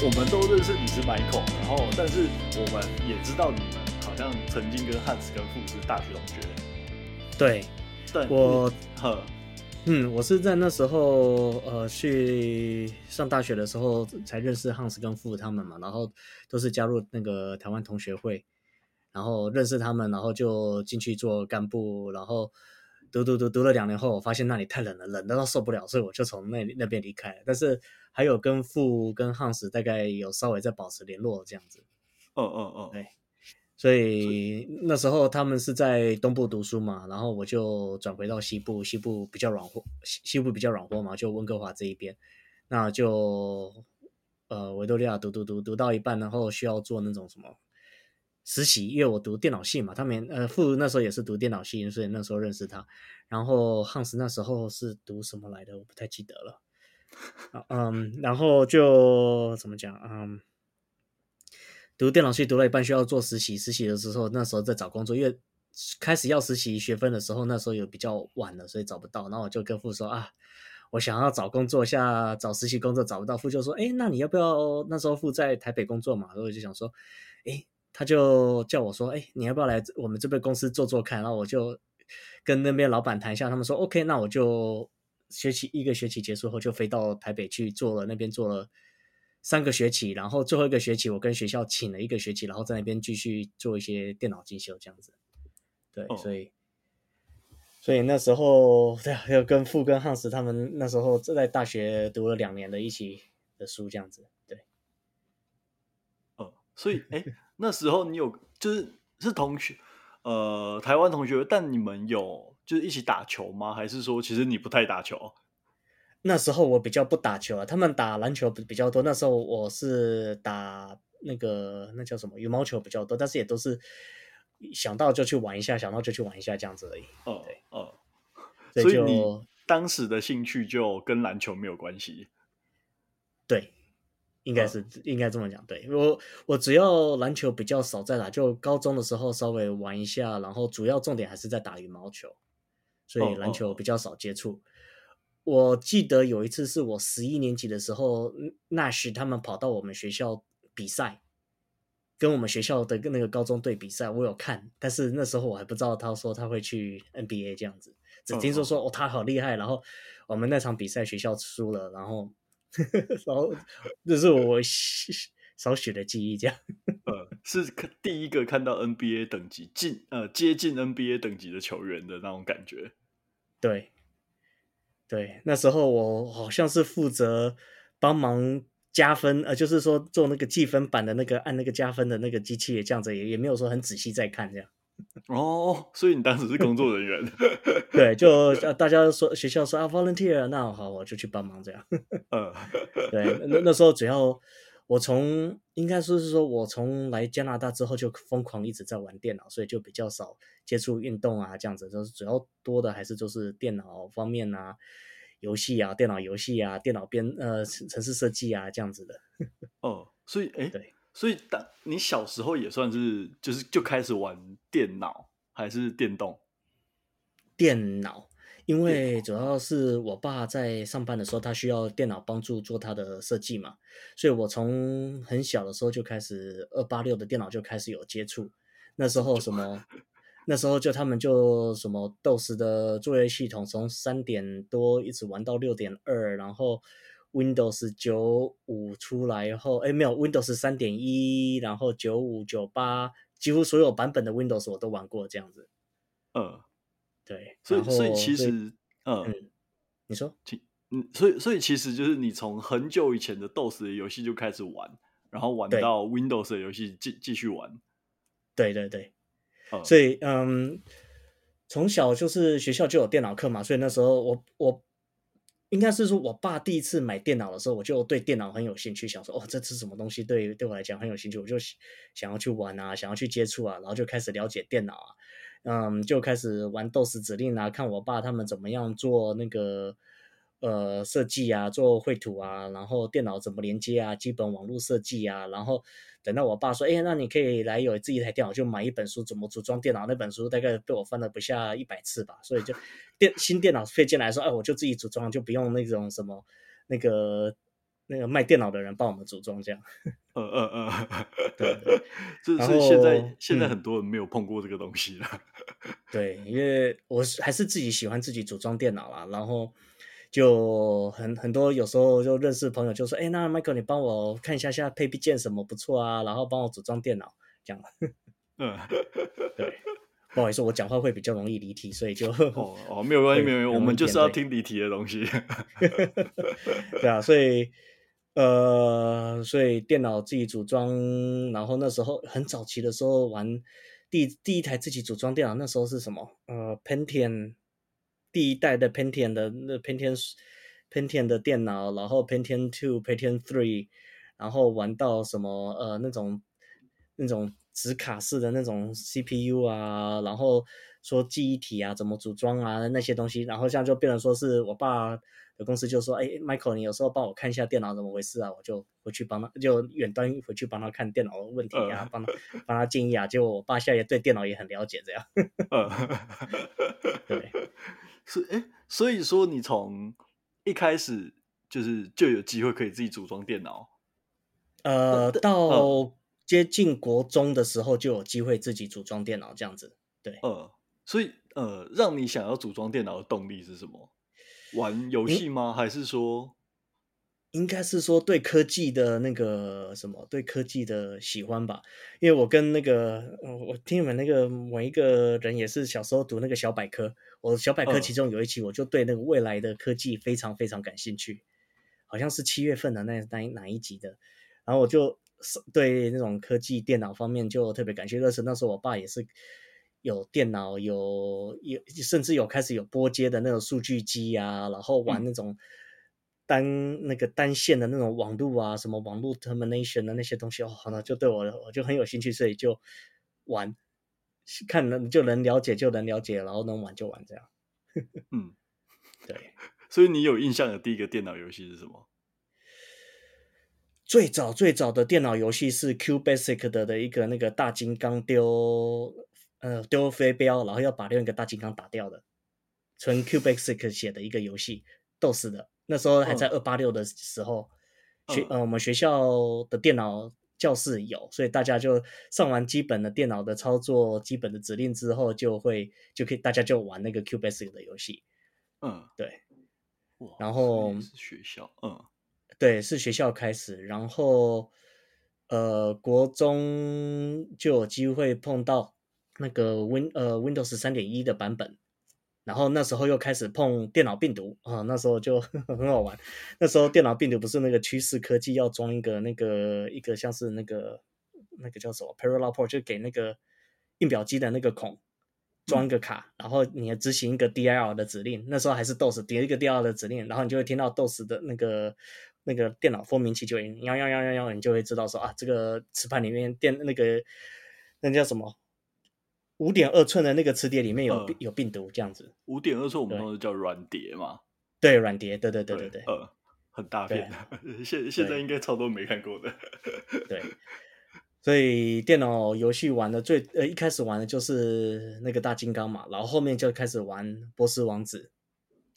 我們都認識你是 Michael，然後但是我們也知道你們好像曾經跟漢斯跟富是大學同學。對，對我呵，嗯，我是在那時候呃去上大學的時候才認識漢斯跟富他們嘛，然後都是加入那個台灣同學會，然後認識他們，然後就進去做幹部，然後。讀讀讀讀了兩年後，我發現那裡太冷了，冷得都受不了，所以我就從那裡那邊離開。但是還有跟父跟漢斯大概有稍微在保持聯絡這樣子。哦哦哦，對。所以，所以那時候他們是在東部讀書嘛，然後我就轉回到西部，西部比較暖和，西西部比較暖和嘛，就溫哥華這一邊。那就呃維多利亞讀讀讀讀到一半，然後需要做那種什麼，實習，因為我讀電腦系嘛，他們呃，傅那時候也是讀電腦系，所以那時候認識他。然後漢斯那時候是讀什麼來的，我不太記得了。嗯，然後就怎麼講，嗯，讀電腦系讀了一半需要做實習，實習的時候那時候在找工作，因為開始要實習學分的時候那時候有比較晚了，所以找不到。然後我就跟傅說啊，我想要找工作下找實習工作找不到，傅就說，哎，那你要不要？那時候傅在台北工作嘛，然後就想說，哎。他就叫我說：“哎、欸，你要不要來我們這邊公司做做看？”然後我就跟那邊老闆談一下，他們說：“OK。”那我就學期一個學期結束後就飛到台北去做了，那邊做了三個學期，然後最後一個學期我跟學校請了一個學期，然後在那邊繼續做一些電腦進修這樣子。對，oh. 所以所以那時候對，還跟富根漢斯他們那時候在大學讀了兩年的一起的書這樣子。對，哦、oh.，所以哎。欸 那時候你有就是是同學，呃，台灣同學，但你們有就是一起打球嗎？還是說其實你不太打球？那時候我比較不打球啊，他們打籃球比較多。那時候我是打那個那叫什麼羽毛球比較多，但是也都是想到就去玩一下，想到就去玩一下這樣子而已。哦，對，哦，哦，所，所以你當時的興趣就跟籃球沒有關係。對。應該是、oh. 應該這麼講，對我我只要籃球比較少在打，就高中的時候稍微玩一下，然後主要重點還是在打羽毛球，所以籃球比較少接觸。Oh. 我記得有一次是我十一年級的時候，納什他們跑到我們學校比賽，跟我們學校的那個高中隊比賽，我有看，但是那時候我還不知道他說他會去 NBA 這樣子，只聽說說、oh. 哦他好厲害，然後我們那場比賽學校輸了，然後。 少，這、就是我少許的記憶，這樣。 呃，是第一個看到 NBA 等級近呃接近 NBA 等級的球員的那種感覺。對，對，那時候我好像是負責幫忙加分，呃，就是說做那個記分板的那個按那個加分的那個機器也，這樣子也也沒有說很仔細在看這樣。哦，所以你當時是工作人員， 對，就大家說學校說啊 volunteer，那好，我就去幫忙這樣。 對，那那時候主要我從應該說是說我從來加拿大之後就瘋狂一直在玩電腦，所以就比較少接觸運動啊這樣子，就是主要多的還是就是電腦方面啊，遊戲啊，電腦遊戲啊，電腦編呃程式設計啊這樣子的。 哦，所以哎。誒對所以，當你小時候也算是，就是就開始玩電腦還是電動？電腦，因為主要是我爸在上班的時候，他需要電腦幫助做他的設計嘛，所以我從很小的時候就開始，二八六的電腦就開始有接觸。那時候什麼？那時候就他們就什麼 DOS 的作業系統，從三點多一直玩到六點二，然後。Windows 九五出來後，誒，沒有 Windows 三點一，然後九五九八，幾乎所有版本的 Windows 我都玩過，這樣子。嗯、呃，對。所以，所以其實，呃、嗯，你說，嗯，所以，所以其實就是你從很久以前的 DOS 的遊戲就開始玩，然後玩到 Windows 的遊戲繼繼續玩。對對對、呃。所以，嗯，從小就是學校就有電腦課嘛，所以那時候我我。應該是說，我爸第一次買電腦的時候，我就對電腦很有興趣，想說，哦，這是什麼東西？對，對我來講很有興趣，我就想要去玩啊，想要去接觸啊，然後就開始了解電腦啊，嗯，就開始玩 DOS 指令啊，看我爸他們怎麼樣做那個。呃，設計啊，做繪圖啊，然後電腦怎麼連接啊，基本網絡設計啊，然後等到我爸說：“哎，那你可以來有自己一台電腦，就買一本書，怎麼組裝電腦？那本書大概被我翻了不下一百次吧。”所以就電新電腦配件來說，哎，我就自己組裝，就不用那種什麼那個那個賣電腦的人幫我們組裝。這樣，呃呃呃對，這是現在現在很多人沒有碰過這個東西了、嗯。對，因為我是還是自己喜歡自己組裝電腦啦、啊，然後。就很很多，有時候就認識朋友就說：“哎、欸，那 Michael，你幫我看一下下 P 配配件什麼不錯啊，然後幫我組裝電腦這樣。 ”嗯，對，不好意思，我講話會比較容易離題，所以就哦，哦，沒有 沒有關係，沒有，我們就是要聽離題的東西。 對啊，所以呃，所以電腦自己組裝，然後那時候很早期的時候玩第一第一台自己組裝電腦，那時候是什麼？呃，Pentium。第一代的 Pentium 的那 Pentium Pentium 的電腦，然後 Pentium Two Pentium Three，然後玩到什麼呃那種那種紙卡式的那種 CPU 啊，然後說記憶體啊怎麼組裝啊那些東西，然後這樣就變成說是我爸的公司就說，哎，Michael，你有時候幫我看一下電腦怎麼回事啊，我就回去幫他，就遠端回去幫他看電腦問題啊，uh. 幫他幫他建議啊，結果我爸現在也對電腦也很了解，這樣。Uh. 對。是哎，所以說你從一開始就是就有機會可以自己組裝電腦，呃，到接近國中的時候就有機會自己組裝電腦這樣子，對，呃，所以呃，讓你想要組裝電腦的動力是什麼？玩遊戲嗎？還是說？應該是說對科技的那個什麼，對科技的喜歡吧。因為我跟那個，我聽你們那個某一個人也是小時候讀那個小百科，我小百科其中有一期我就對那個未來的科技非常非常感興趣，好像是七月份的那那哪一哪一集的。然後我就是對那種科技電腦方面就特別感興趣。那時那時候我爸也是有電腦，有有甚至有開始有撥接的那種數據機啊，然後玩那種、嗯。單那個單線的那種網路啊，什麼網路 termination 的那些東西哦，好，那就對我我就很有興趣，所以就玩，看能就能了解，就能了解，然後能玩就玩這樣。 嗯，對。所以你有印象的第一個電腦遊戲是什麼？最早最早的電腦遊戲是 Q Basic 的的一個那個大金剛丟呃丟飛鏢，然後要把另一個大金剛打掉的，純 Q Basic 寫的一個遊戲，逗 死的。那時候還在二八六的時候，嗯嗯、學呃我們學校的電腦教室有，所以大家就上完基本的電腦的操作、基本的指令之後，就會就可以大家就玩那個 QBasic 的遊戲。嗯，對。哇。然後學校，嗯，對，是學校開始，然後呃，國中就有機會碰到那個 Win 呃 Windows 三點一的版本。然後那時候又開始碰電腦病毒啊，那時候就呵呵很好玩。那時候電腦病毒不是那個趨勢科技要裝一個那個一個像是那個那個叫什麼 Parallel Port，就給那個印表機的那個孔裝一個卡，嗯、然後你執行一個 DIL 的指令，那時候還是 DOS，疊一個 DIL 的指令，然後你就會聽到 DOS 的那個那個電腦蜂鳴器就“嚶嚶嚶嚶嚶”，你就會知道說啊，這個磁盤裡面電那個那叫什麼。五點二寸的那個磁碟裡面有有病毒，這樣子。五點二寸我們那時叫軟碟嘛。對，軟碟，對對對對對。呃，很大片。現現在應該差不多沒看過的。對。對所以電腦遊戲玩的最呃一開始玩的就是那個大金剛嘛，然後後面就開始玩波斯王子，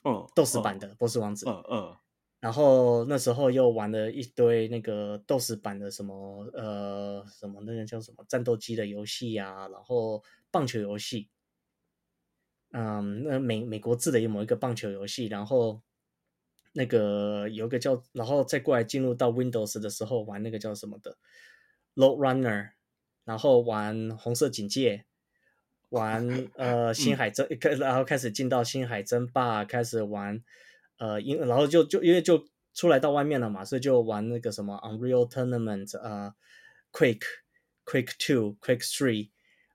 嗯，鬥、嗯、士版的波斯王子，嗯嗯，嗯。然後那時候又玩了一堆那個鬥士版的什麼呃什麼那個叫什麼戰鬥機的遊戲呀，然後。棒球遊戲，嗯，那美美國制的一某一個棒球遊戲，然後那個有個叫，然後再過來進入到 Windows 的時候玩那個叫什麼的，Road Runner，然後玩紅色警戒，玩呃星海爭、嗯、然後開始進到星海爭霸，開始玩呃，因然後就就因為就出來到外面了嘛，所以就玩那個什麼 Unreal Tournament 啊 Quake, Quake Two, Quake Three。Quake, Quake 2, Quake 3,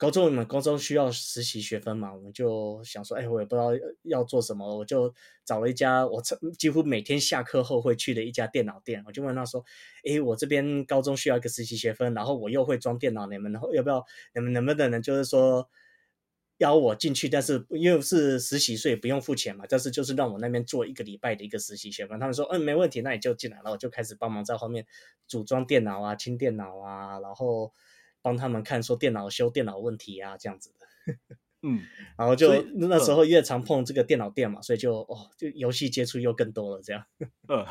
高中我們高中需要實習學分嘛，我們就想說，哎，我也不知道要做什麼，我就找了一家我幾乎每天下課後會去的一家電腦店，我就問他說，哎，我這邊高中需要一個實習學分，然後我又會裝電腦，你們然後要不要，你們能不能呢就是說邀我進去，但是因為是實習所以不用付錢嘛，但是就是讓我那邊做一個禮拜的一個實習學分，他們說，嗯、哎，沒問題，那你就進來，然後我就開始幫忙在後面組裝電腦啊，清電腦啊，然後。幫他們看說電腦修電腦問題啊，這樣子的，嗯， 然後就那時候越常碰這個電腦店嘛，嗯、所以就哦，就遊戲接觸又更多了這樣、嗯。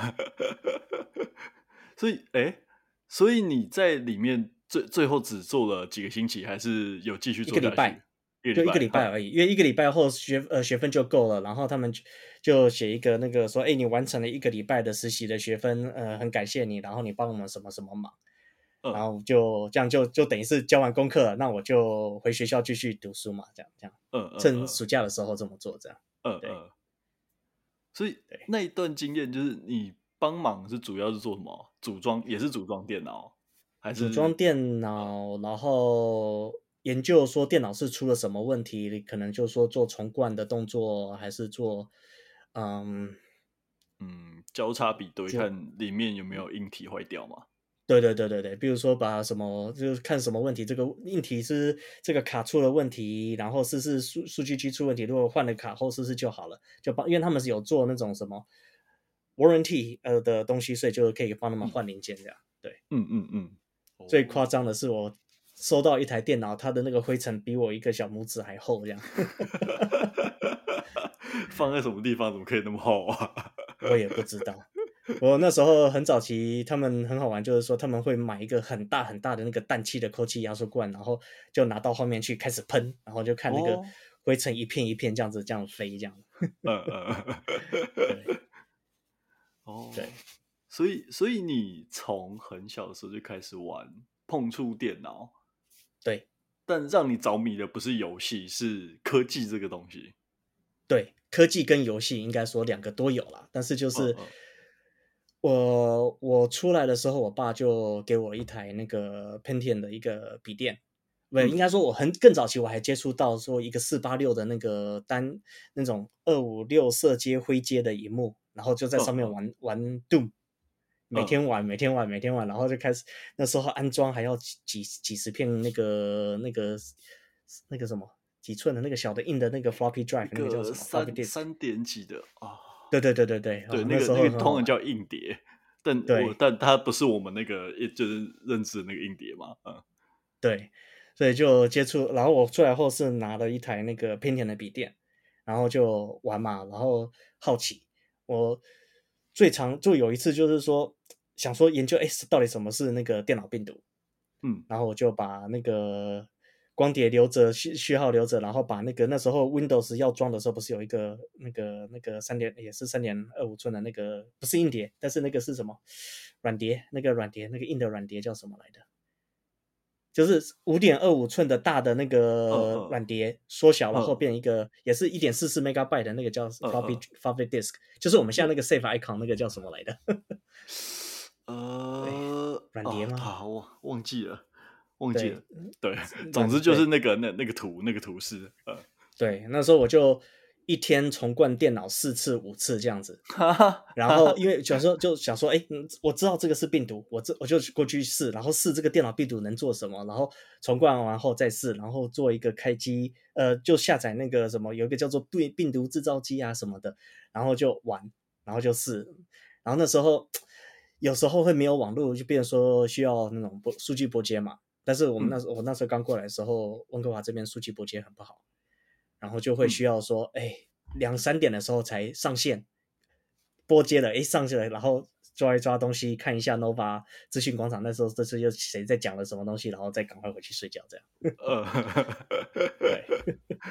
所以哎，所以你在裡面最最後只做了幾個星期，還是有繼續做，一個禮拜，一個禮拜，就一個禮拜而已，啊、因為一個禮拜後學呃學分就夠了，然後他們就寫一個那個說，哎，你完成了一個禮拜的實習的學分，呃，很感謝你，然後你幫我們什麼什麼忙。嗯、然後就這樣就，就就等於是交完功課了，那我就回學校繼續讀書嘛，這樣這樣。嗯嗯，嗯。趁暑假的時候這麼做，這樣。嗯嗯。對。所以那一段經驗就是你幫忙是主要是做什麼？組裝也是組裝電腦，還是組裝電腦、啊？然後研究說電腦是出了什麼問題？你可能就是說做重灌的動作，還是做嗯嗯交叉比對看裡面有沒有硬體壞掉嘛？對對對對對，比如說把什麼就是看什麼問題，這個硬體是，是這個卡出了問題，然後試試數數據機出問題，如果換了卡後試試就好了，就幫，因為他們是有做那種什麼 warranty 呃的東西，所以就可以幫他們換零件這樣。嗯、對，嗯嗯嗯。最誇張的是我收到一台電腦，它的那個灰塵比我一個小拇指還厚這樣。 放在什麼地方怎麼可以那麼厚啊？我也不知道。 我那時候很早期，他們很好玩，就是說他們會買一個很大很大的那個氮氣的空氣壓縮罐，然後就拿到後面去開始噴，然後就看那個灰塵一片一片這樣子這樣飛這樣、oh. 哦、oh.，oh. 對。所以所以你從很小的時候就開始玩碰觸電腦，對。但讓你着迷的不是遊戲，是科技這個東西。對，科技跟遊戲應該說兩個都有了，但是就是。Oh. 我我出來的時候，我爸就給我一台那個 Pentium 的一個筆電，不、嗯、應該說我很更早期，我還接觸到說一個四八六的那個單那種二五六色階灰階的熒幕然後就在上面玩、哦、玩 Doom，每天玩、哦、每天玩每天玩，然後就開始那時候安裝還要幾幾幾十片那個那個那個什麼幾寸的那個小的硬的那個 floppy drive，那個叫什麼？三三點幾的啊。哦對對對對對，對、哦、那個、那個、那個通常叫硬碟，哦、但對，但它不是我們那個就是認識那個硬碟嘛，嗯，對，所以就接觸，然後我出來後是拿了一台那個偏甜的筆電，然後就玩嘛，然後好奇，我最常就有一次就是說想說研究，S 到底什麼是那個電腦病毒？嗯，然後我就把那個。光碟留着，序序號留着，然後把那個那時候 Windows 要裝的時候，不是有一個那個那個三點也是三點二五寸的那個，不是硬碟，但是那個是什麼？軟碟，那個軟碟，那個硬的軟碟叫什麼來的？就是五點二五寸的大的那個軟碟，縮小然後變一個，也是一點四四 megabyte 的那個叫 floppy floppy disk，就是我們現在那個 save icon 那個叫什麼來的？呃， 軟碟嗎？啊、呃，忘、哦哦、忘記了。忘記了對，對，總之就是那個、嗯、那那個圖那個圖示。呃，對，那時候我就一天重灌電腦四次五次這樣子，然後因為小時候就想說，哎， 我知道這個是病毒，我這我就過去試，然後試這個電腦病毒能做什麼，然後重灌完，完後再試，然後做一個開機，呃，就下載那個什麼有一個叫做對病毒製造機啊什麼的，然後就玩，然後就試，然後那時候有時候會沒有網絡，就變成說需要那種撥數據撥接嘛。但是我們那時候、嗯、我那時候剛過來的時候，溫哥華這邊數據撥接很不好，然後就會需要說，哎、嗯，兩、欸、三點的時候才上線，撥接了，哎、欸，上線了，然後抓一抓東西，看一下 Nova 資訊廣場，那時候這次又誰在講了什麼東西，然後再趕快回去睡覺，這樣。 對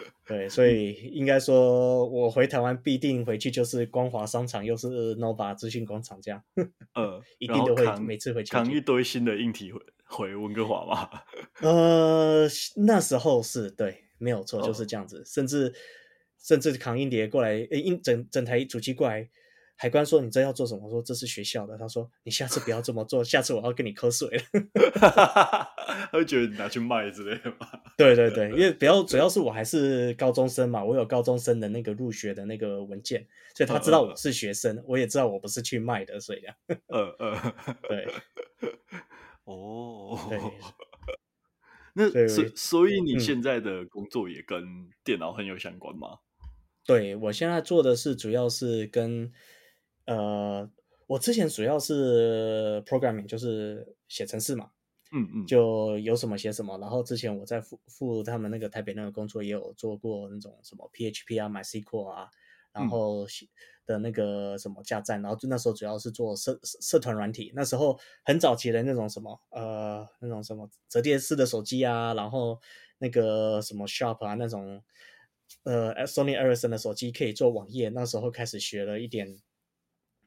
對，所以應該說我回台灣必定回去就是光華商場，又是 Nova 資訊廣場這樣， 呃，一定都會每次回去扛一堆新的硬體回回溫哥華吧。 呃，那時候是對，沒有錯就是這樣子，哦、甚至甚至扛硬碟過來，呃、欸，硬整整台主機過來。海關說：“你這要做什麼？”我說：“這是學校的。”他說：“你下次不要這麼做， 下次我要跟你課稅了。 ” 他會覺得你拿去賣之類的嗎？對對對，因為比較主要是我還是高中生嘛，我有高中生的那個入學的那個文件，所以他知道我是學生， 我也知道我不是去賣的，所以這樣。呃呃，對。哦、oh.， 那所以所以你現在的工作也跟電腦很有相關嗎？嗯、對我現在做的是，主要是跟。呃，我之前主要是 programming，就是寫程式嘛，嗯嗯，就有什麼寫什麼。然後之前我在負負他們那個台北那個工作，也有做過那種什麼 PHP 啊、MySQL 啊，然後的那個什麼架站，嗯。然後就那時候主要是做社社團軟體。那時候很早期的那種什麼呃那種什麼折疊式的手機啊，然後那個什麼 Shop 啊那種呃 Sony Ericsson 的手機可以做網頁。那時候開始學了一點。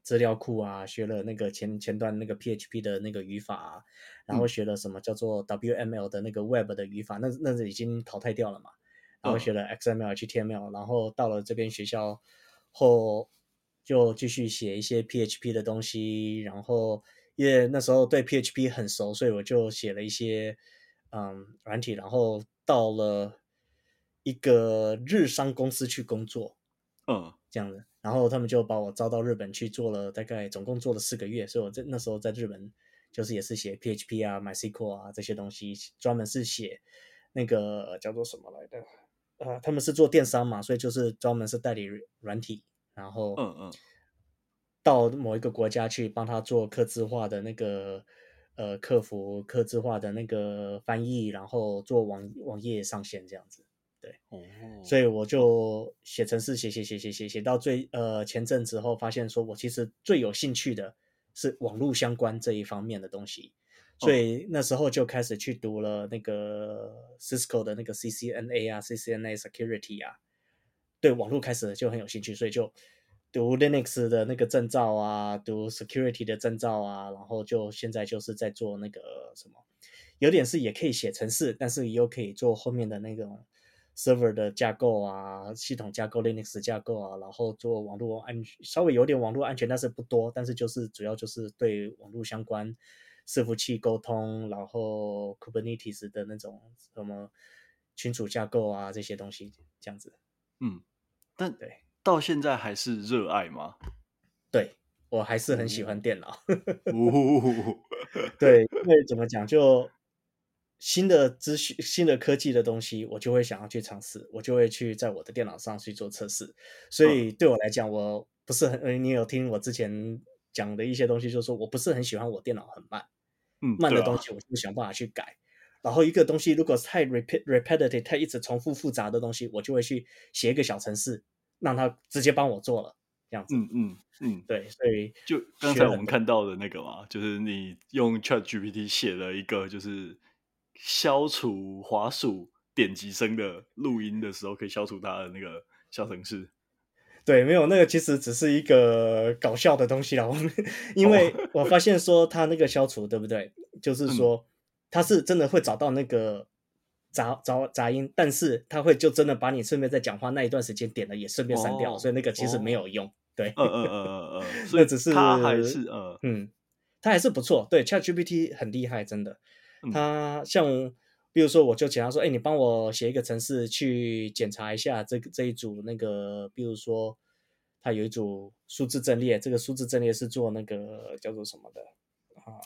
資料庫啊，學了那個前前段那個 PHP 的那個語法，啊，然後學了什麼叫做 WML 的那個 Web 的語法，嗯、那那是已經淘汰掉了嘛？然後學了 XML、哦、HTML，然後到了這邊學校後，就繼續寫一些 PHP 的東西，然後因為那時候對 PHP 很熟，所以我就寫了一些嗯軟體，然後到了一個日商公司去工作。嗯，這樣子，然後他們就把我招到日本去做了，大概總共做了四個月，所以我在那時候在日本就是也是寫 PHP 啊、MySQL 啊這些東西，專門是寫那個、呃、叫做什麼來的啊、呃，他們是做電商嘛，所以就是專門是代理軟,軟體，然後嗯嗯，到某一個國家去幫他做客制化的那個呃客服、客制化的那個翻譯，然後做網網頁上線這樣子。對，所以我就寫程式，寫寫寫寫寫寫到最呃前陣子後，發現說我其實最有興趣的是網絡相關這一方面的東西，所以那時候就開始去讀了那個 Cisco 的那個 CCNA 啊、oh.，CCNA Security 啊，對網絡開始就很有興趣，所以就讀 Linux 的那個證照啊，讀 Security 的證照啊，然後就現在就是在做那個什麼，有點是也可以寫程式，但是你又可以做後面的那種、個。Server 的架構啊，系統架構、Linux 架構啊，然後做網絡安全，稍微有點網絡安全，但是不多，但是就是主要就是對網絡相關伺服器溝通，然後 Kubernetes 的那種什麼群組架構啊，這些東西，這樣子。嗯，但到現在還是熱愛嗎？對，我還是很喜歡電腦。哦、 對，因為怎麼講就。新的資訊、新的科技的東西，我就會想要去嘗試，我就會去在我的電腦上去做測試。所以對我來講，我不是很……你有聽我之前講的一些東西，就是說我不是很喜歡我電腦很慢，嗯，慢的東西我就想辦法去改。然後一個東西如果是太 repeat repetitive、太一直重複複雜的東西，我就會去寫一個小程式，讓它直接幫我做了這樣子，嗯。嗯嗯嗯，對，所以就剛才我們看到的那個嘛，就是你用 ChatGPT 寫了一個，就是。消除滑鼠點擊聲的錄音的時候，可以消除它的那個小程式。對，沒有，那個其實只是一個搞笑的東西啦，我們， 因為我發現說它那個消除，哦、 對不對？就是說它是真的會找到那個雜雜、嗯、雜音，但是它會就真的把你順便在講話那一段時間點的也順便刪掉。哦，所以那個其實沒有用。哦、對，嗯嗯嗯嗯，那只是它還是呃嗯，它還是不錯。對，ChatGPT 很厲害，真的。他像，比如說，我就請他說：“哎，你幫我寫一個程式去檢查一下這個這一組那個，比如說，他有一組數字陣列，這個數字陣列是做那個叫做什麼的啊？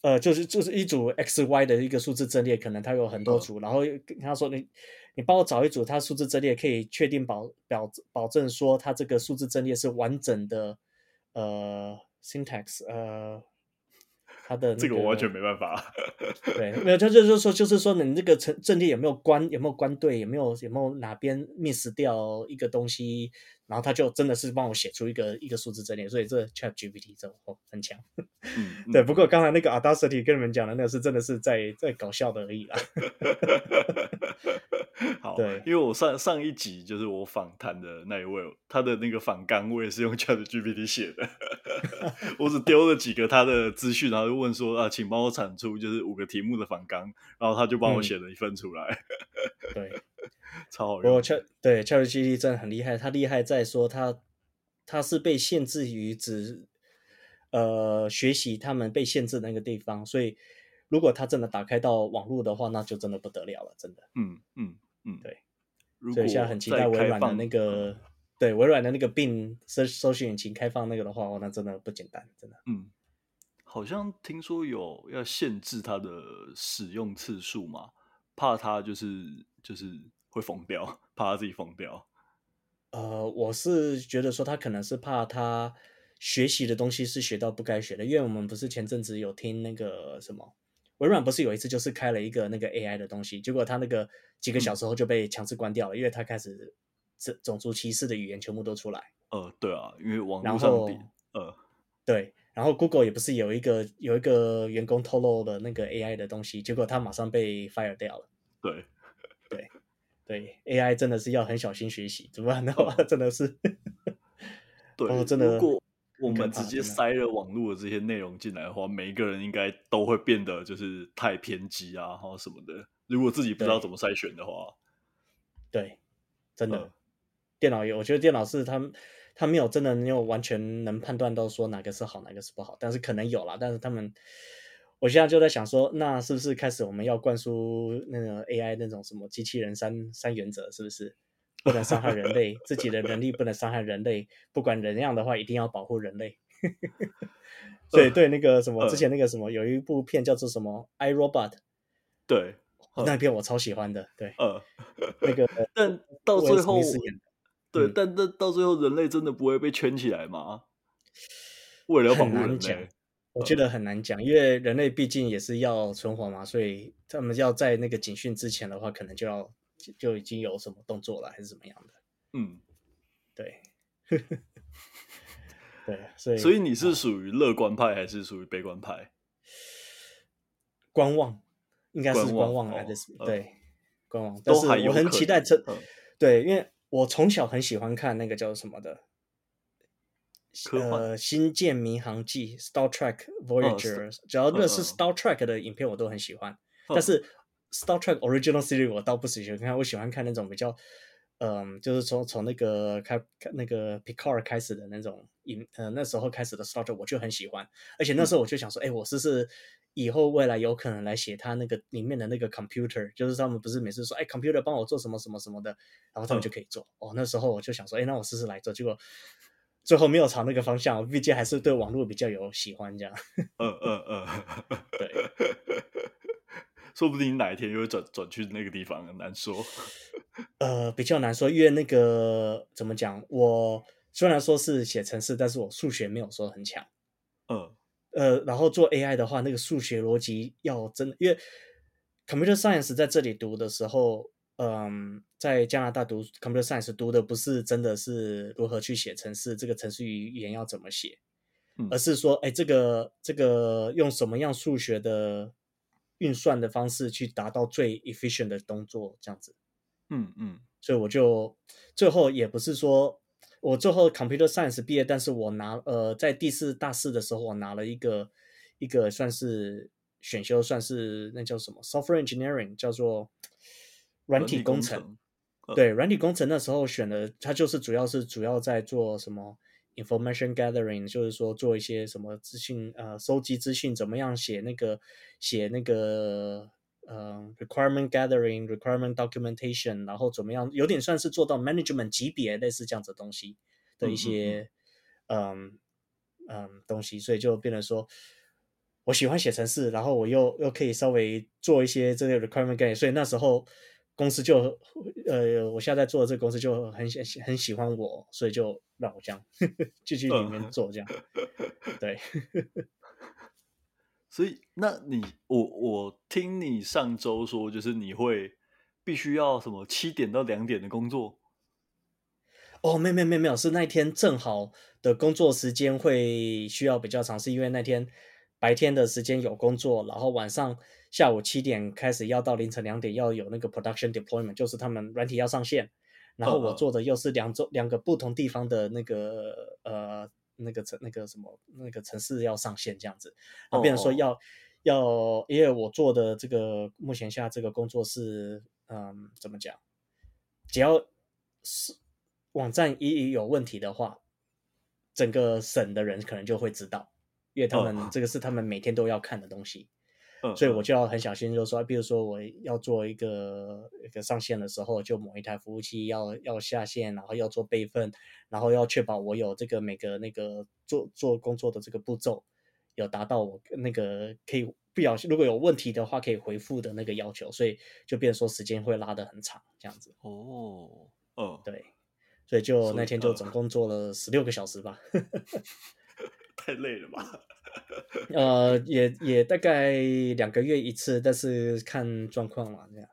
呃，就是就是一組 X Y 的一個數字陣列，可能它有很多組，然後跟他說你你幫我找一組它數字陣列，可以確定保保保證說它這個數字陣列是完整的，呃，syntax，呃。”他的那個、這個我完全沒辦法。 對，沒有，他就是說，就是說，你這個陣陣地有沒有關，有沒有關，對，有沒有有沒有哪邊 miss 掉一個東西。然後他就真的是幫我寫出一個一個數字整理，所以這 Chat GPT 這麼很強，嗯嗯。對，不過剛才那個 Audacity 跟你們講的那個是真的是在在搞笑的而已啦。 好，對，因為我上上一集就是我訪談的那一位，他的那個訪綱我也是用 Chat GPT 寫的， 我只丟了幾個他的資訊，然後就問說啊，請幫我產出就是五個題目的訪綱，然後他就幫我寫了一份出來。嗯、對。 超好用！不過，對，ChatGPT 真的很厲害，它厲害在說它它是被限制於只呃學習他們被限制的那個地方，所以如果它真的打開到網絡的話，那就真的不得了了，真的。嗯嗯嗯，對。如果所以現在很期待微軟的那個、嗯、對微軟的那個 Bing 搜搜索引擎開放那個的話，那真的不簡單，真的。嗯，好像聽說有要限制它的使用次數嘛，怕它就是就是，會瘋掉，怕他自己瘋掉。呃，我是覺得說他可能是怕他學習的東西是學到不該學的，因為我們不是前陣子有聽那個什麼微軟不是有一次就是開了一個那個 AI 的東西，結果他那個幾個小時後就被強制關掉了，嗯、因為他開始這種族歧視的語言全部都出來。呃，對啊，因為網路上然後呃對，然後 Google 也不是有一個有一個員工透露的那個 AI 的東西，結果他馬上被 fire 掉了。對。對 AI 真的是要很小心學習，怎麼辦呢、嗯？真的是，對， 哦、真的。如果我們直接塞了網絡的這些內容進來的話，啊、每一個人應該都會變得就是太偏激啊，或什麼的。如果自己不知道怎麼篩選的話，對，對真的、嗯。電腦也，我覺得電腦是他他沒有真的有完全能判斷到說哪個是好，哪個是不好，但是可能有啦，但是他們。我現在就在想說，那是不是開始我們要灌輸那個 AI 那種什麼機器人三三原則？是不是不能傷害人類，自己的能力不能傷害人類，不管人樣的話一定要保護人類？對 對，那個什麼之前那個什麼有一部片叫做什麼《呃、I Robot》，對，呃、那片我超喜歡的。對，呃，那個但到最後，對，但但到最後，人類真的不會被圈起來嗎？嗯、為了保護人類。我覺得很難講，因為人類畢竟也是要存活嘛，所以他們要在那個警訊之前的話，可能就要就已經有什麼動作了，還是怎麼樣的。嗯，對， 對，所以所以你是屬於樂觀派還是屬於悲觀派？呃、觀望，應該是觀望、啊，還、哦、是對、嗯、觀望？但是我很期待這、嗯，對，因為我從小很喜歡看那個叫什麼的。呃，星艦迷航記 （Star Trek Voyager），只、oh, 要那是 Star Trek 的影片，我都很喜歡。Oh, 但是 Star Trek Original Series 我倒不喜歡看，oh. 我喜歡看那種比較，嗯、呃，就是從從那個開那個 Picard 開始的那種影，呃，那時候開始的 Star Trek 我就很喜歡。而且那時候我就想說，哎、嗯欸，我試試以後未來有可能來寫它那個裡面的那個 computer，就是他們不是每次說，哎、欸、，computer 幫我做什麼什麼什麼的，然後他們就可以做。Oh. 哦，那時候我就想說，哎、欸，那我試試來做，結果。最後沒有朝那個方向，畢竟還是對網絡比較有喜歡這樣。嗯嗯嗯，嗯 對，說不定哪一天又會轉轉去那個地方，很難說。呃，比較難說，因為那個怎麼講，我雖然說是寫程式，但是我數學沒有說很強。嗯。呃，然後做 AI 的話，那個數學邏輯要真的，因為 Computer Science 在這裡讀的時候。嗯、um，在加拿大讀 computer science 讀的不是真的是如何去寫程式，這個程式語言要怎麼寫，嗯、而是說，哎，這個這個用什麼樣數學的運算的方式去達到最 efficient 的動作，這樣子。嗯嗯，所以我就最後也不是說我最後 computer science 畢業，但是我拿呃在第四大四的時候，我拿了一個一個算是選修，算是那叫什麼 software engineering，叫做。軟體，體工程，對軟體工程那時候選的，它就是主要是主要在做什麼 information gathering，就是說做一些什麼資訊呃收集資訊，怎麼樣寫那個寫那個嗯、呃、requirement gathering，requirement documentation，然後怎麼樣有點算是做到 management 級別類似這樣子的東西的一些嗯嗯、嗯、嗯、嗯東西，所以就變成說我喜歡寫程式，然後我又又可以稍微做一些這些 requirement gathering，所以那時候。公司就，呃，我現在在做的這個公司就很喜很喜歡我，所以就讓我這樣繼續裡面做這樣， 對。 所以，那你我我聽你上周說，就是你會必須要什麼七點到兩點的工作？哦，沒有沒,沒,沒有，是那天正好的工作時間會需要比較長，是因為那天白天的時間有工作，然後晚上。下午七點開始，要到凌晨兩點要有那個 production deployment，就是他們軟體要上線，然後我做的又是兩種、哦、兩個不同地方的那個呃那個城那個什麼那個城市要上線這樣子，啊、然後變成說要、哦、要，因為我做的這個目前下這個工作是嗯怎麼講，只要是網站一一有問題的話，整個省的人可能就會知道，因為他們、哦、這個是他們每天都要看的東西。 所以我就要很小心，就是說，比如說我要做一個一個上線的時候，就某一台服務器要要下線，然後要做備份，然後要確保我有這個每個那個做做工作的這個步驟，有達到我那個可以不小心如果有問題的話可以回復的那個要求，所以就變成說時間會拉得很長這樣子。哦，哦，對，所以就那天就總共做了十六個小時吧， 太累了吧。 呃，也也大概兩個月一次，但是看狀況嘛，這樣。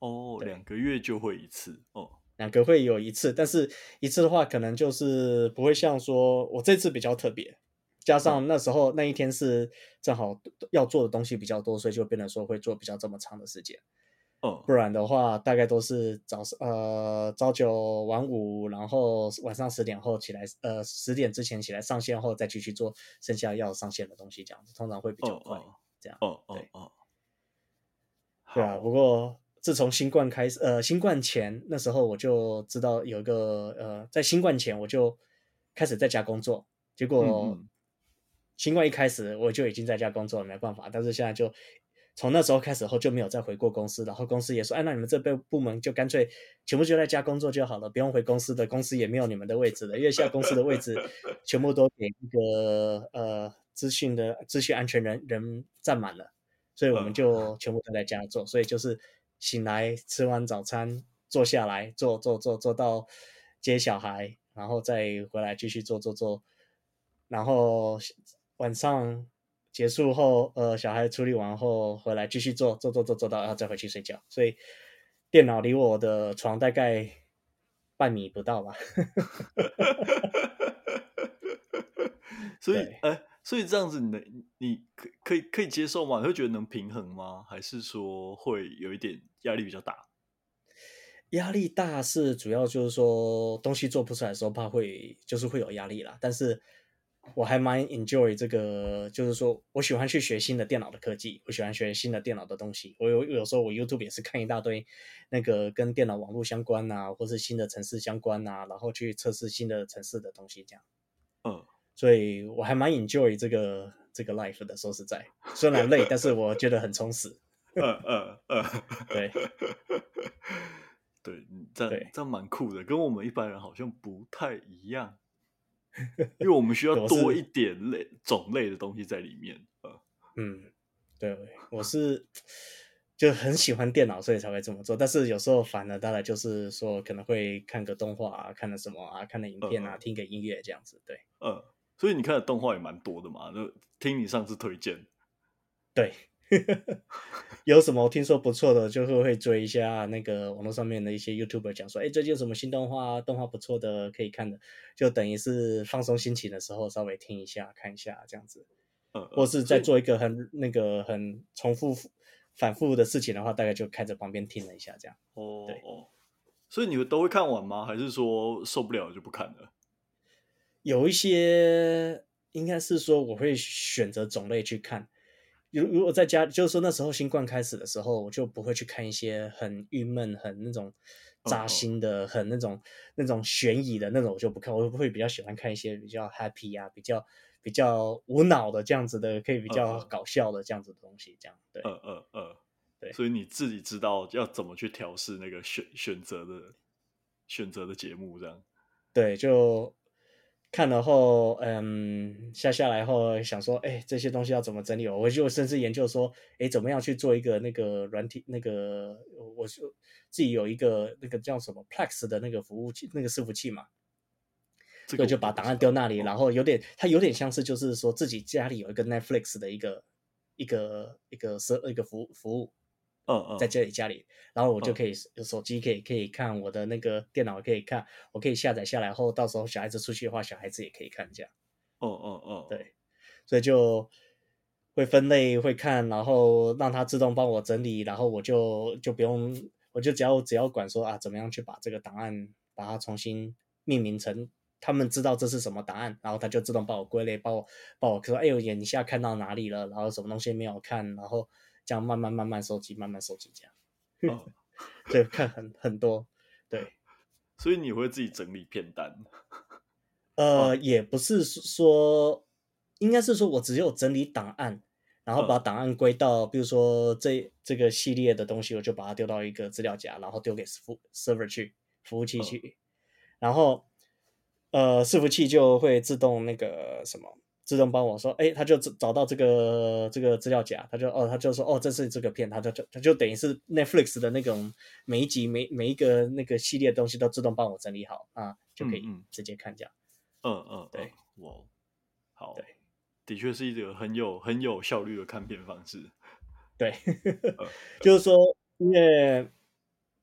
哦、oh，兩個月就會一次哦，oh. 兩個會有一次，但是一次的話，可能就是不會像說，我這次比較特別，加上那時候那一天是正好要做的東西比較多，所以就變得說會做比較這麼長的時間。Oh. 不然的話，大概都是早上呃朝九晚五，然後晚上十點後起來，呃十點之前起來上線後，再繼續做剩下要上線的東西，這樣子通常會比較快。Oh. 這樣，oh. 對哦，oh. Oh. Oh. 對啊。不過自從新冠開始，呃，新冠前那時候我就知道有一個呃，在新冠前我就開始在家工作，結果新冠一開始我就已經在家工作了，沒辦法。但是現在就。從那時候開始後就沒有再回過公司，然後公司也說，哎，那你們這邊部門就乾脆全部就在家工作就好了，不用回公司的，公司也沒有你們的位置了，因為現在公司的位置全部都給一個 呃資訊的資訊安全人人占滿了，所以我們就全部都在家做， 所以就是醒來吃完早餐坐下來，坐坐坐坐到接小孩，然後再回來繼續坐坐坐，然後晚上。結束後，呃，小孩處理完後回來繼續做，做做做做到，然後再回去睡覺。所以電腦離我的床大概半米不到吧。 所以，哎、欸，所以這樣子你，你你可可以可以接受嗎？你會覺得能平衡嗎？還是說會有一點壓力比較大？壓力大是主要就是說東西做不出來的時候，怕會就是會有壓力啦。但是。我還蠻 enjoy 這個，就是說我喜歡去學新的電腦的科技，我喜歡學新的電腦的東西。我有有時候我 YouTube 也是看一大堆，那個跟電腦網絡相關啊，或是新的程式相關啊，然後去測試新的程式的東西這樣。嗯，所以我還蠻 enjoy 這個這個 life 的。說實在，雖然累， 但是我覺得很充實。 嗯嗯嗯，對，對，這樣對這蠻酷的，跟我們一般人好像不太一樣。因為我們需要多一點類種類的東西在裡面。呃、嗯，對，我是就很喜歡電腦，所以才會這麼做。但是有時候煩的，大概就是說可能會看個動畫啊，看個什麼啊，看個影片啊，嗯、聽個音樂這樣子。對，嗯，所以你看的動畫也蠻多的嘛，那聽你上次推薦。對。 有什麼聽說不錯的，就會會追一下那個網絡上面的一些 YouTuber 講說，哎、欸，最近有什麼新動畫，動畫不錯的可以看的，就等於是放鬆心情的時候稍微聽一下，看一下這樣子。嗯，嗯，或是在做一個很那個很重複反覆的事情的話，大概就開着旁邊聽了一下這樣。哦，對哦。所以你們都會看完嗎？還是說受不了就不看了？有一些應該是說我會選擇種類去看。如如果在家，就是說那時候新冠開始的時候，我就不會去看一些很鬱悶、很那種紮心的、uh, uh. 很那種那種懸疑的那種，我就不看，我會比較喜歡看一些比較 happy 啊、比較比較無腦的這樣子的，可以比較搞笑的這樣子的東西，這樣。對，嗯嗯嗯。對。所以你自己知道要怎麼去調試那個選選擇的、選擇的節目，這樣。對，就。看了後嗯，下下來後想說，哎，這些東西要怎麼整理？我就甚至研究說，哎，怎麼樣去做一個那個軟體？那個我就自己有一個那個叫什麼 Plex 的那個服務器，那個伺服器嘛，這個就把檔案丟那裡，然後有點它有點像是，就是說自己家裡有一個 Netflix 的一個一個一個設一個服務服務。嗯在這裡家裡，oh, oh, 然後我就可以、oh, 手機可以可以看我的那個電腦可以看，我可以下載下來後，到時候小孩子出去的話，小孩子也可以看這樣。哦哦哦，對，所以就會分類會看，然後讓它自動幫我整理，然後我就就不用，我就只要只要管說啊怎麼樣去把這個檔案把它重新命名成他們知道這是什麼檔案，然後它就自動幫我歸類，幫我幫我說哎呦眼下看到哪裡了，然後什麼東西沒有看，然後。這樣慢慢慢慢收集，慢慢收集這樣。哦、oh. 對，看很很多，對。所以你會自己整理片單。呃，oh. 也不是說，應該是說我只有整理檔案，然後把檔案歸到，oh. 比如說這這個系列的東西，我就把它丟到一個資料夾，然後丟給服 serv, server 去服務器去，oh. 然後呃，伺服器就會自動那個什麼。自動幫我說，哎、欸，他就找找到這個這個資料夾，他就哦，他就說哦，這是這個片，他就就他就等於是 Netflix 的那種，每一集每每一個那個系列的東西都自動幫我整理好啊、嗯，就可以直接看這樣。嗯嗯，嗯，對嗯嗯，哇，好，對，的確是一個很有很有效率的看片方式。對，嗯 嗯、就是說，因為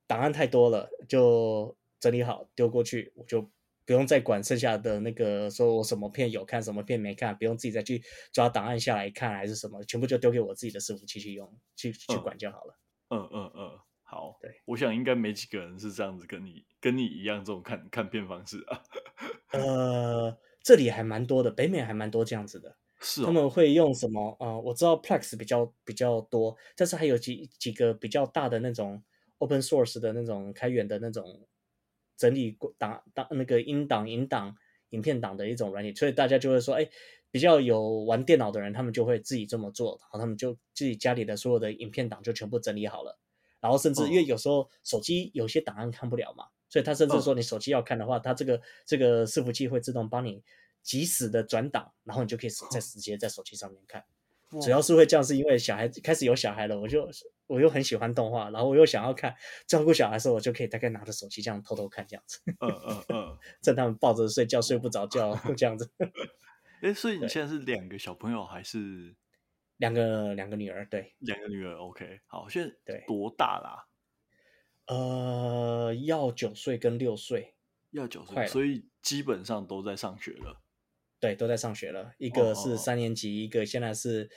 檔案太多了，就整理好丟過去，我就。不用再管剩下的那個，說我什麼片有看，什麼片沒看，不用自己再去抓檔案下來看，還是什麼，全部就丟給我自己的伺服器去去用，去、嗯、去管就好了。嗯嗯嗯，好。對，我想應該沒幾個人是這樣子，跟你跟你一樣這種看看片方式啊。 呃，這裡還蠻多的，北美還蠻多這樣子的。是、哦，他們會用什麼？啊、呃，我知道 Plex 比較比較多，但是還有幾幾個比較大的那種 Open Source 的那種開源的那種。整理檔檔那個音檔、影檔、影片檔的一種軟體。所以大家就會說，哎、欸，比較有玩電腦的人，他們就會自己這麼做，然後他們就自己家裡的所有的影片檔就全部整理好了。然後甚至因為有時候手機有些檔案看不了嘛，oh. 所以他甚至說你手機要看的話，oh. 他這個這個伺服器會自動幫你即時的轉檔，然後你就可以在直接在手機上面看。Oh. Oh. 主要是會這樣，是因為小孩子開始有小孩了，我就。Oh. 我又很喜歡動畫，然後我又想要看，照顧小孩的時候我就可以大概拿着手機這樣偷偷看這樣子。嗯嗯嗯。趁他們抱着睡覺、嗯、睡不着覺、嗯、這樣子、欸。所以你現在是兩個小朋友還是兩個兩個女兒？對，兩個女兒。OK，好，現在多大啦、啊？呃，要九歲跟六歲。要九歲，所以基本上都在上學了。對，都在上學了。一個是三年級，哦哦一個現在是。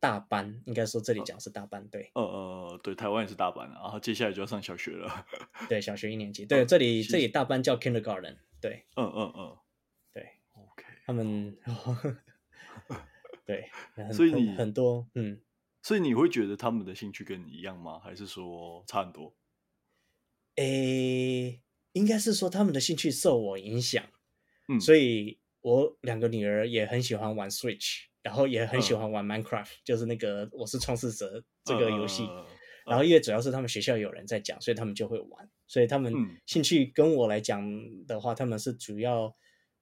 大班應該說這裡講是大班，嗯、對，呃、嗯、呃、嗯、對，台灣也是大班，啊，然後接下來就要上小學了，對，小學一年級，對，嗯，這裡是是這裡大班叫 Kindergarten，對，嗯嗯嗯，對，OK，他們， 對，所以你很，很多，嗯，所以你會覺得他們的興趣跟你一樣嗎？還是說差很多？誒、欸，應該是說他們的興趣受我影響，嗯，所以我兩個女兒也很喜歡玩 Switch。然後也很喜歡玩 Minecraft，uh, 就是那個我是創世者這個遊戲。Uh, uh, uh, 然後因為主要是他們學校有人在講，所以他們就會玩。所以他們興趣跟我來講的話，他們是主要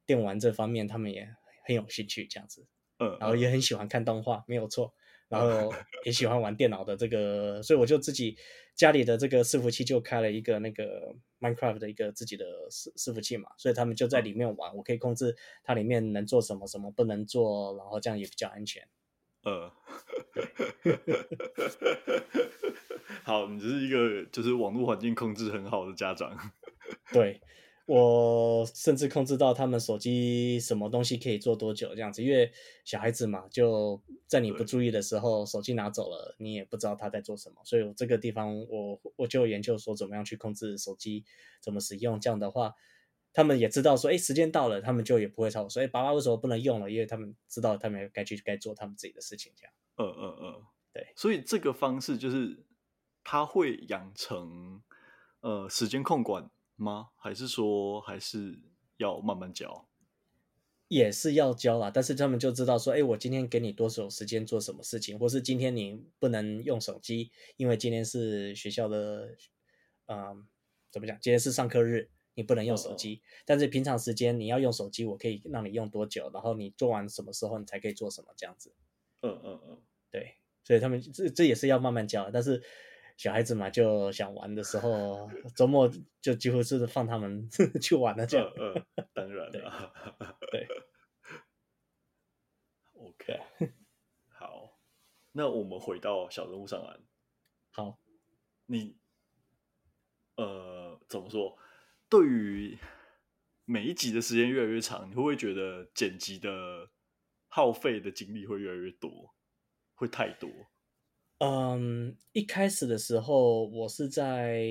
電玩這方面，他們也很有興趣這樣子。嗯、uh, uh, uh, 然後也很喜歡看動畫，沒有錯。然後也喜歡玩電腦的這個， 所以我就自己家裡的這個伺服器就開了一個那個 Minecraft 的一個自己的伺伺服器嘛，所以他們就在裡面玩， 我可以控制它裡面能做什麼什麼不能做，然後這樣也比較安全。呃，對， 好，你是一個就是網絡環境控制很好的家長。 對。我甚至控制到他們手機什麼東西可以做多久這樣子，因為小孩子嘛，就在你不注意的時候，手機拿走了，你也不知道他在做什麼，所以我這個地方我我就研究說怎麼樣去控制手機怎麼使用，這樣的話，他們也知道說，哎、欸，時間到了，他們就也不會吵，所以，欸，爸爸為什麼不能用了？因為他們知道他們該去該做他們自己的事情，這樣。嗯嗯嗯，對。所以這個方式就是他會養成呃時間控管。嗎？還是說還是要慢慢教？也是要教啦，但是他們就知道說，哎、欸，我今天給你多少時間做什麼事情，或是今天你不能用手機，因為今天是學校的，嗯、呃，怎麼講？今天是上課日，你不能用手機、呃。但是平常時間你要用手機，我可以讓你用多久，然後你做完什麼時候，你才可以做什麼這樣子。嗯嗯嗯，對，所以他們這這也是要慢慢教，但是。小孩子嘛，就想玩的時候，周末就幾乎是放他們去玩了，這樣。嗯，嗯，當然啦。了對，對，OK， 好，那我們回到小人物上籃。好，你，呃，怎麼說？對於每一集的時間越來越長，你會不會覺得剪輯的耗費的精力會越來越多，會太多？嗯、um,，一開始的時候，我是在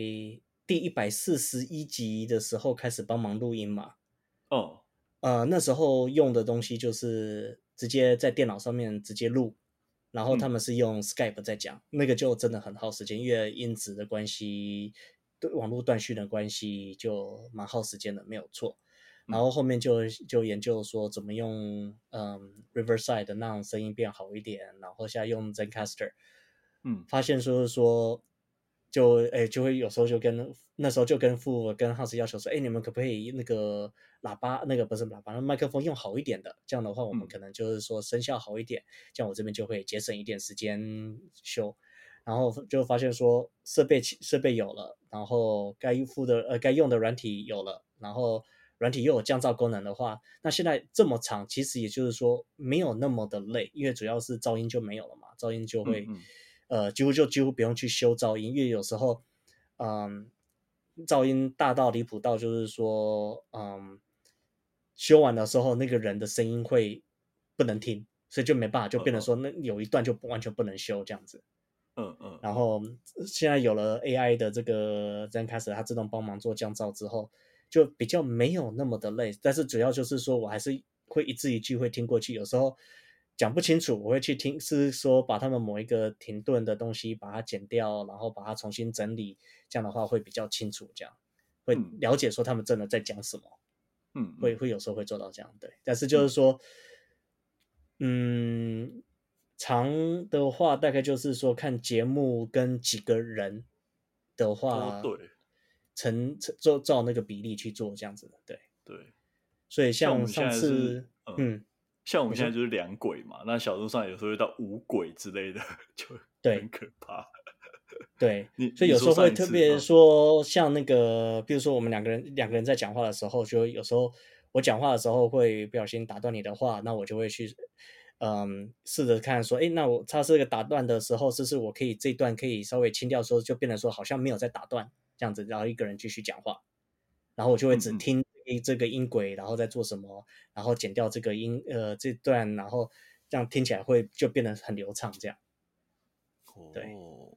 第一百四十一集的時候開始幫忙錄音嘛。哦，呃，那時候用的東西就是直接在電腦上面直接錄，然後他們是用 Skype 在講，嗯、那個就真的很耗時間，因為音質的關係，對網絡斷續的關係就蠻耗時間的，沒有錯。然後後面就就研究說怎麼用嗯、um, Riverside 讓聲音變好一點，然後現在用 Zencaster。嗯，發現說是說就，就哎，就會有時候就跟那時候就跟付跟 Hans 要求說，哎，你們可不可以那個喇叭那個不是喇叭，那麥克風用好一點的？這樣的話，我們可能就是說聲效好一點、嗯，這樣我這邊就會節省一點時間修。然後就發現說設備設備有了，然後該用的呃該用的軟體有了，然後軟體又有降噪功能的話，那現在這麼長，其實也就是說沒有那麼的累，因為主要是噪音就沒有了嘛，噪音就會。嗯嗯呃，幾乎就幾乎不用去修噪音，因為有時候，嗯，噪音大到離譜到就是說，嗯，修完的時候那個人的聲音會不能聽，所以就沒辦法，就變成說那有一段就完全不能修這樣子。嗯嗯。然後現在有了 AI 的這個，這樣開始它自動幫忙做降噪之後，就比較沒有那麼的累，但是主要就是說我還是會一字一句會聽過去，有時候。講不清楚，我會去聽，是說把他們某一個停頓的東西把它剪掉，然後把它重新整理，這樣的話會比較清楚，這樣會了解說他們真的在講什麼。嗯，會會有時候會做到這樣，對。但是就是說嗯，嗯，長的話大概就是說看節目跟幾個人的話，對，成成就照，照那個比例去做這樣子對。對。所以像上次，嗯。嗯像我們現在就是兩軌嘛，那小路上有時候遇到五軌之類的，就很可怕。對， 所以有時候會特別說，像那個、啊，比如說我們兩個人兩個人在講話的時候，就有時候我講話的時候會不小心打斷你的話，那我就會去嗯試着看說，哎、欸，那我他這個打斷的時候，是不是我可以這段可以稍微清掉說，說就變得說好像沒有在打斷這樣子，然後一個人繼續講話，然後我就會只聽。嗯嗯誒，這個音軌，然後再做什麼，然後剪掉這個音，呃，這段，然後這樣聽起來會就變得很流暢，這樣。哦。對，oh.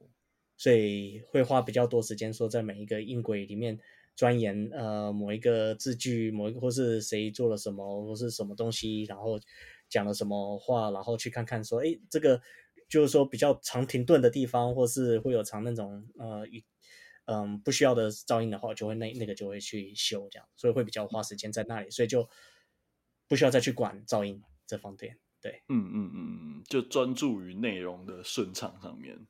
所以會花比較多時間，說在每一個音軌裡面鑽研，呃，某一個字句，某一個或是誰做了什麼，或是什麼東西，然後講了什麼話，然後去看看說，哎，這個就是說比較長停頓的地方，或是會有長那種，呃，語。嗯，不需要的噪音的話，就會那那個就會去修這樣，所以會比較花時間在那裡，所以就不需要再去管噪音這方面。對，嗯嗯嗯嗯，就專注於內容的順暢上面。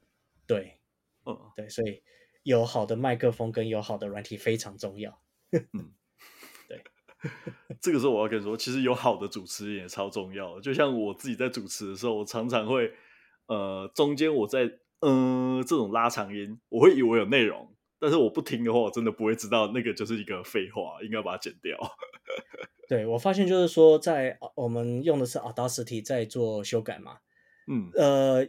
對，嗯，對，所以有好的麥克風跟有好的軟體非常重要。嗯， 對。 這個時候我要跟你說，其實有好的主持人也超重要。就像我自己在主持的時候，我常常會，呃，中間我在嗯、呃、這種拉長音，我會以為有內容。但是我不聽的話，我真的不會知道那個就是一個廢話，應該把它剪掉。 對，我發現就是說在，在我們用的是 Audacity 在做修改嘛，嗯，呃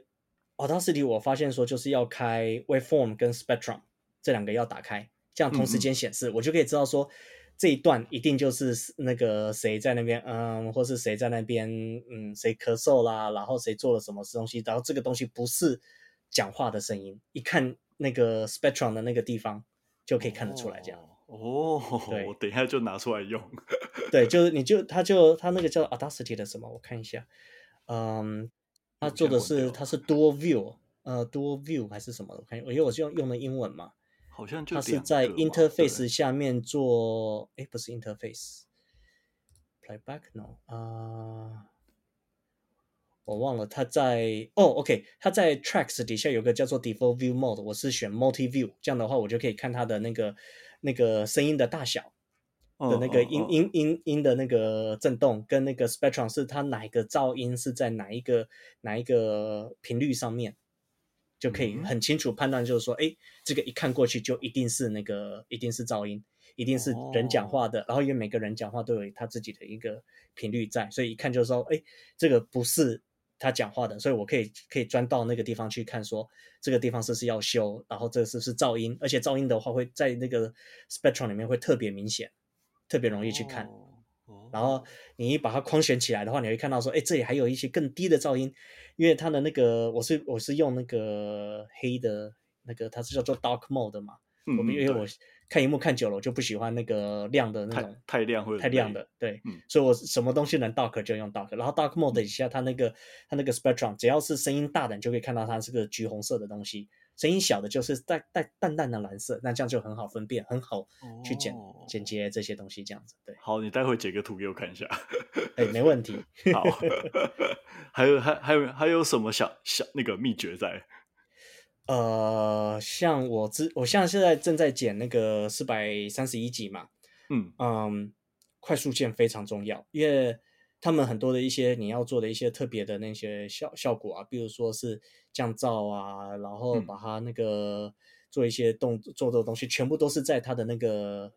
，Audacity 我發現說就是要開 Waveform 跟 Spectrum 這兩個要打開，這樣同時間顯示，嗯嗯，我就可以知道說這一段一定就是那個誰在那邊，嗯，或是誰在那邊，嗯，誰咳嗽啦，然後誰做了什麼東西，然後這個東西不是講話的聲音，一看。那個 spectrum 的那個地方就可以看得出來，這樣哦。對，我等一下就拿出來用。對，就是你就他就他那個叫 audacity 的什麼，我看一下。嗯，他做的是他是多 view，呃，多 view 還是什麼？我看因為我是用用的英文嘛，好像就是在 interface 下面做，哎，不是 interface，playback 呢、no uh？啊。我忘了他在哦、oh，OK，他在 Tracks 底下有個叫做 Default View Mode，我是選 Multi View，這樣的話我就可以看它的那個那個聲音的大小、oh, 的那個音音、oh, oh. 音音的那個震動跟那個 Spectrum 是它哪一個噪音是在哪一個哪一個頻率上面，就可以很清楚判斷，就是說，哎、mm -hmm.，這個一看過去就一定是那個一定是噪音，一定是人講話的，oh. 然後因為每個人講話都有他自己的一個頻率在，所以一看就是說，哎，這個不是。他講話的，所以我可以可以鑽到那個地方去看說，說這個地方是不是要修，然後這個是不是噪音，而且噪音的話會在那個 spectrum 裡面會特別明顯，特別容易去看。哦哦、然後你一把它框選起來的話，你會看到說，哎，這裡還有一些更低的噪音，因為它的那個，我是我是用那個黑的那個，它是叫做 dark mode 嘛，我們、嗯、因為我。看熒幕看久了，我就不喜歡那個亮的那種，太，太亮或者太亮的，對、嗯，所以我什麼東西能 dark 就用 dark 然後 dark mode 一下它、那個嗯，它那個它那個 spectrum，、嗯、只要是聲音大的你就可以看到它是個橘紅色的東西，聲音小的就是帶帶淡淡的藍色，那這樣就很好分辨，很好去剪、哦、剪接這些東西，這樣子，對。好，你待會截個圖給我看一下。哎、 欸，沒問題。 好 還，還有還還有還有什麼小小那個祕訣在？呃，像我之我像現在正在剪那個四百三十一集嘛，嗯、嗯，快速鍵非常重要，因為他們很多的一些你要做的一些特別的那些效效果啊，比如說是降噪啊，然後把它那個做一些動、嗯、做的東西，全部都是在它的那個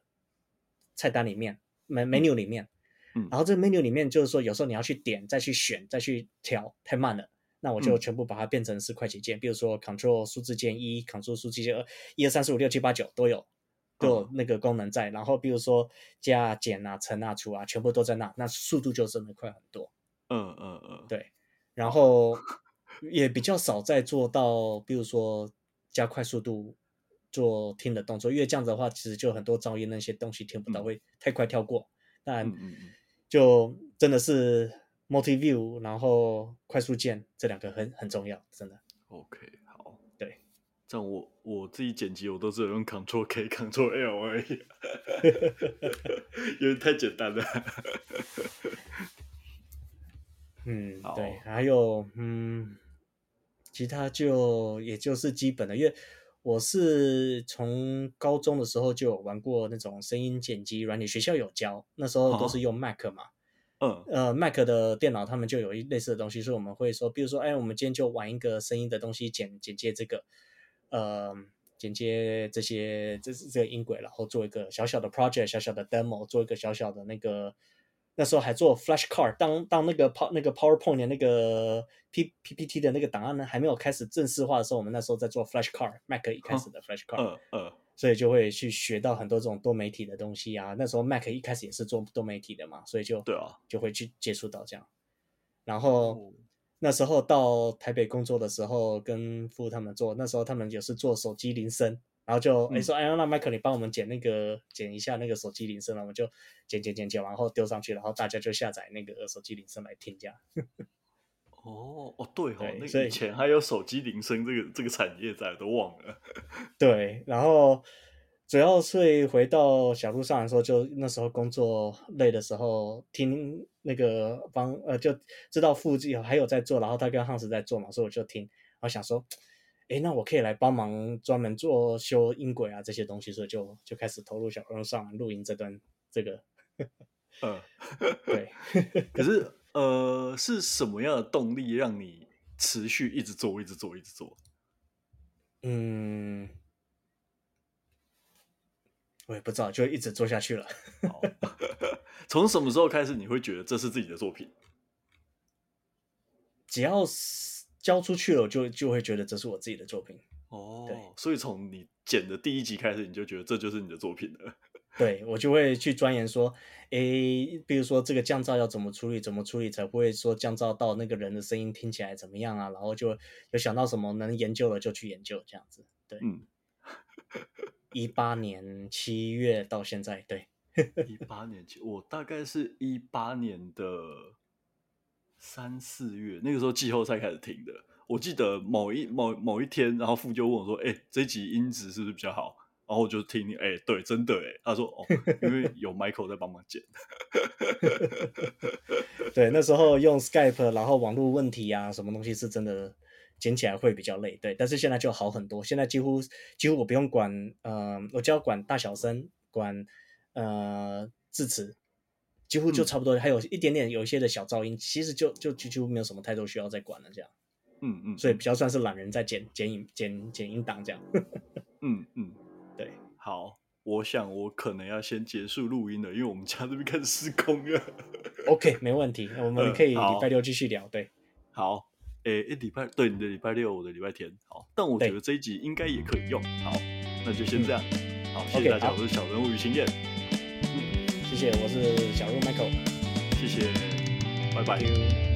菜單裡面、嗯、menu 裡面，嗯、然後這個 menu 裡面就是說，有時候你要去點再去選再去調，太慢了。那我就全部把它變成是快捷鍵，嗯，比如說 Ctrl 數字鍵一，Ctrl 數字鍵二，一二三四五六七八九都有，都有那個功能在。然後比如說加、減啊、乘啊、除啊，全部都在那，那速度就真的快很多。嗯嗯嗯，對。然後也比較少再做到，比如說加快速度做聽的動作，因為這樣子的話，其實就很多噪音那些東西聽不到，嗯、會太快跳過。但就真的是。Multi View，然後快速鍵這兩個很很重要，真的。OK，好，對，這樣我我自己剪輯我都是用 Ctrl K、Ctrl L 而已，因 為太簡單了。 嗯，好，對，還有嗯，其他就也就是基本的，因為我是從高中的時候就有玩過那種聲音剪輯軟件，軟體學校有教，那時候都是用 Mac 嘛。哦 Uh, 呃，Mac 的電腦他們就有一類似的東西，所以我們會說，比如說，哎，我們今天就玩一個聲音的東西剪，剪剪接這個，呃，剪接這些，這是這個音軌，然後做一個小小的 project，小小的 demo，做一個小小的那個，那時候還做 flash card，當當那個 pow 那個 PowerPoint 的那個 P P P T 的那個檔案呢，還沒有開始正式化的時候，我們那時候在做 flash card，Mac 一開始的 flash card，uh, uh, 所以就會去學到很多這種多媒體的東西啊。那時候麥克一開始也是做多媒體的嘛，所以就對啊，就會去接觸到這樣。然後、嗯、那時候到台北工作的時候，跟富他們做，那時候他們也是做手機鈴聲，然後就、嗯、說哎說哎呀，那麥克你幫我們剪那個剪一下那個手機鈴聲，然後我們就剪剪剪剪完後丟上去，然後大家就下載那個手機鈴聲來聽這樣。 哦對哦對哈，那以前還有手機鈴聲這個這個產業在，都忘了。對，然後主要是回到小路上的時候，就那時候工作累的時候聽那個幫呃，就知道附近還有在做，然後他跟漢斯在做嘛，所以我就聽，然後想說，哎，那我可以來幫忙，專門做修音軌啊這些東西，所以就就開始投入小路上錄音這段這個。嗯、呃，對， 可是。 呃，是什麼樣的動力讓你持續一直做、一直做、一直做？嗯，我也不知道，就一直做下去了。從 什麼時候開始，你會覺得這是自己的作品？只要交出去了，我就就會覺得這是我自己的作品。哦，對，所以從你剪的第一集開始，你就覺得這就是你的作品了。對我就會去鑽研說，誒，比如說這個降噪要怎麼處理，怎麼處理才不會說降噪到那個人的聲音聽起來怎麼樣啊？然後就有想到什麼能研究的就去研究這樣子。對，嗯，一八年七月到現在，對，一八年七，我大概是一八年的三四月那個時候季後賽開始聽的，我記得某一某某一天，然後父就問我說，誒，這集音質是不是比較好？然後我就聽，哎、欸，對，真的，哎，他說，哦，因為有 Michael 在幫忙剪。 對，那時候用 Skype，然後網絡問題啊，什麼東西是真的剪起來會比較累。對，但是現在就好很多，現在幾乎幾乎我不用管，嗯、呃，我只要管大小聲，管呃字詞，幾乎就差不多，嗯，還有一點點有一些的小噪音，其實就就幾乎沒有什麼太多需要再管了，這樣。嗯嗯。所以比較算是懶人在剪剪影剪剪音檔這樣呵呵。嗯嗯。好，我想我可能要先結束錄音了，因為我們家這邊開始施工了。 OK，沒問題，我們可以禮拜六繼續聊、呃。對，好，誒、欸，禮拜，對你的禮拜六，我的禮拜天，好，但我覺得這一集應該也可以用。好，那就先這樣。好，謝謝大家，okay, 我是小人物余清彥、嗯。謝謝，我是小鹿 Michael。謝謝，拜拜。